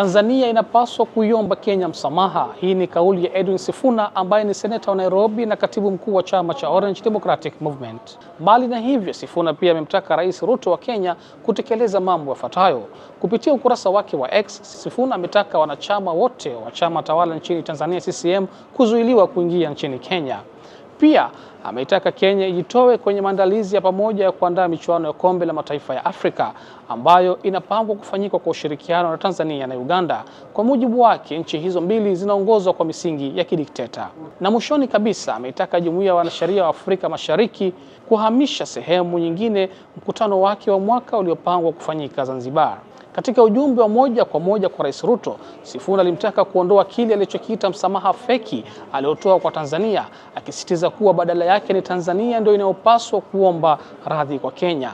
Tanzania inapaswa kuiomba Kenya msamaha. Hii ni kauli ya Edwin Sifuna ambaye ni seneta wa Nairobi na katibu mkuu wa chama cha Orange Democratic Movement. Mbali na hivyo, Sifuna pia amemtaka Rais Ruto wa Kenya kutekeleza mambo yafuatayo. Kupitia ukurasa wake wa X, Sifuna ametaka wanachama wote wa chama tawala nchini Tanzania CCM kuzuiliwa kuingia nchini Kenya. Pia ameitaka Kenya ijitoe kwenye maandalizi ya pamoja ya kuandaa michuano ya kombe la mataifa ya Afrika ambayo inapangwa kufanyika kwa ushirikiano na Tanzania na Uganda. Kwa mujibu wake, nchi hizo mbili zinaongozwa kwa misingi ya kidikteta. Na mwishoni kabisa, ameitaka jumuiya ya wanasheria wa Afrika Mashariki kuhamisha sehemu nyingine mkutano wake wa mwaka uliopangwa kufanyika Zanzibar. Katika ujumbe wa moja kwa moja kwa Rais Ruto, Sifuna alimtaka kuondoa kile alichokiita msamaha feki aliotoa kwa Tanzania, akisisitiza kuwa badala yake ni Tanzania ndio inayopaswa kuomba radhi kwa Kenya.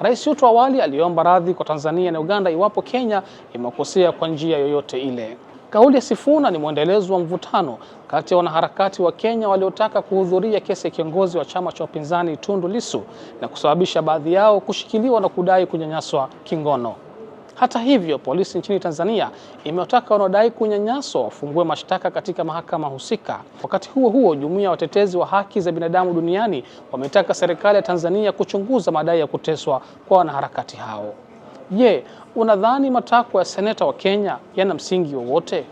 Rais Ruto awali aliomba radhi kwa Tanzania na Uganda iwapo Kenya imekosea kwa njia yoyote ile. Kauli ya Sifuna ni mwendelezo wa mvutano kati ya wanaharakati wa Kenya waliotaka kuhudhuria kesi ya kiongozi wa chama cha upinzani Tundu Lissu na kusababisha baadhi yao kushikiliwa na kudai kunyanyaswa kingono. Hata hivyo, polisi nchini Tanzania imewataka wanaodai kunyanyaswa wafungue mashtaka katika mahakama husika. Wakati huo huo, jumuiya ya watetezi wa haki za binadamu duniani wametaka serikali ya Tanzania kuchunguza madai ya kuteswa kwa wanaharakati hao. Je, unadhani matakwa ya seneta wa Kenya yana msingi wowote?